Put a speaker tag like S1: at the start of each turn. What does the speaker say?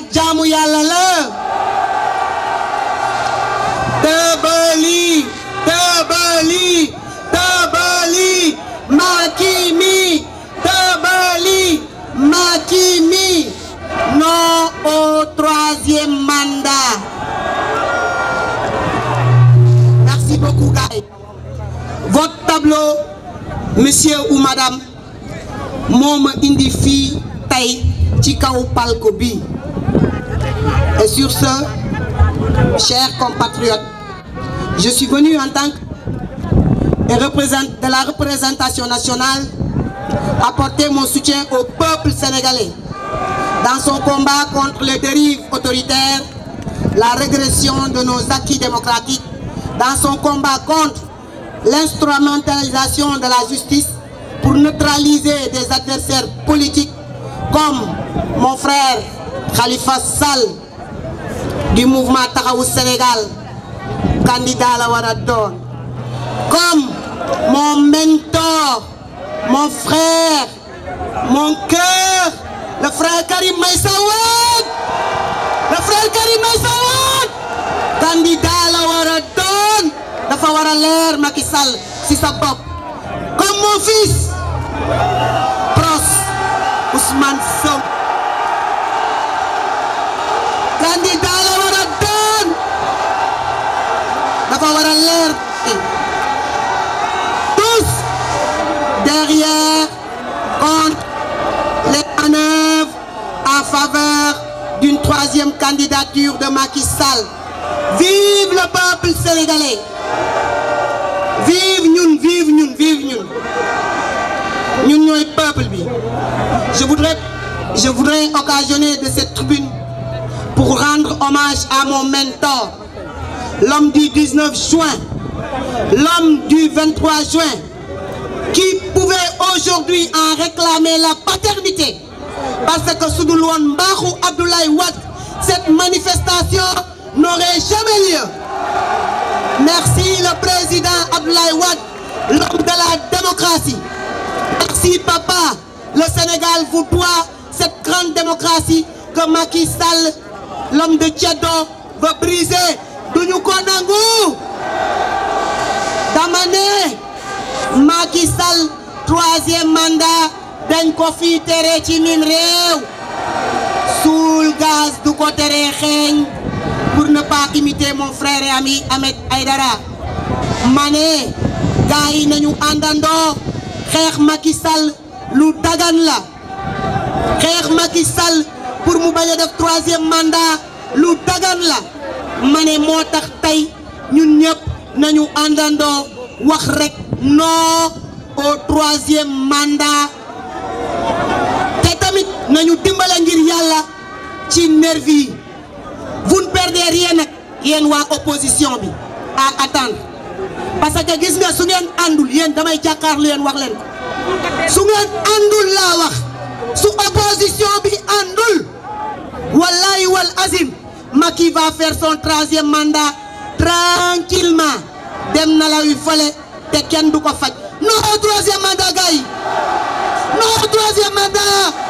S1: ak jaamu yàlla la tabali tabali tabali makimi tabali makimi non au troisième mandat merci beaucoup gars votre tableau monsieur ou indi fii tey ci kaw palco bi Et sur ce, chers compatriotes, je suis venu en tant que de la représentation nationale apporter mon soutien au peuple sénégalais dans son combat contre les dérives autoritaires, la régression de nos acquis démocratiques, dans son combat contre l'instrumentalisation de la justice pour neutraliser des adversaires politiques comme mon frère Khalifa Sall du mouvement taxawu Sénégal candidat la war a doon comme mon mon frère mon cœur le frère Karim Meïssa Wade candidat la war a doon dafa war a leer Macky Sall ci sa comme mon fils Pros Ousmane dafa war a leer tous derrière contre les manœuvres en faveur d'une troisième candidature de Macky Sall vive le peuple sénégalais vive ñun vive ñun vive ñun ñun ñooy peuple bi je voudrais occasionner de cette tribune pour rendre hommage à mon mentor l'homme du juin, l'homme du juin, qui pouvait aujourd'hui en réclamer la paternité. Parce que sous Louane Barou Abdoulaye Watt, cette manifestation n'aurait jamais lieu. Merci le président Abdoulaye Watt, l'homme de la démocratie. Merci papa, le Sénégal vous doit cette grande démocratie que Macky Sall, l'homme de Tchado, veut briser duñu ko nangu dama ne Macky Sall troisième mandat dañ ko fi tere ci mim réew suul gaz du ko tere xeeñ pour ne pas imiter mon frère et ami Ahmed ma ne gars yi nañu àndandoo xeex Macky Sall lu dagan la xeex Macky Sall pour mu bañ a def troisième mandat lu dagan la ma ne moo tax tey ñun ñëpp nañu àndandoo wax rek non au troisième mandat te tamit nañu dimbala ngir yàlla ci nervi yi vous ne perdez rien nag waa opposition bi a attendre parce que gis nga su ngeen àndul yéen damay jàkkaarlu yéen wax leen ko su ngeen àndul laa wax su opposition Macky va faire son troisième tranquillement dem na la wi fële te kenn du ko faj non au troisième mandat gars yi non au troisième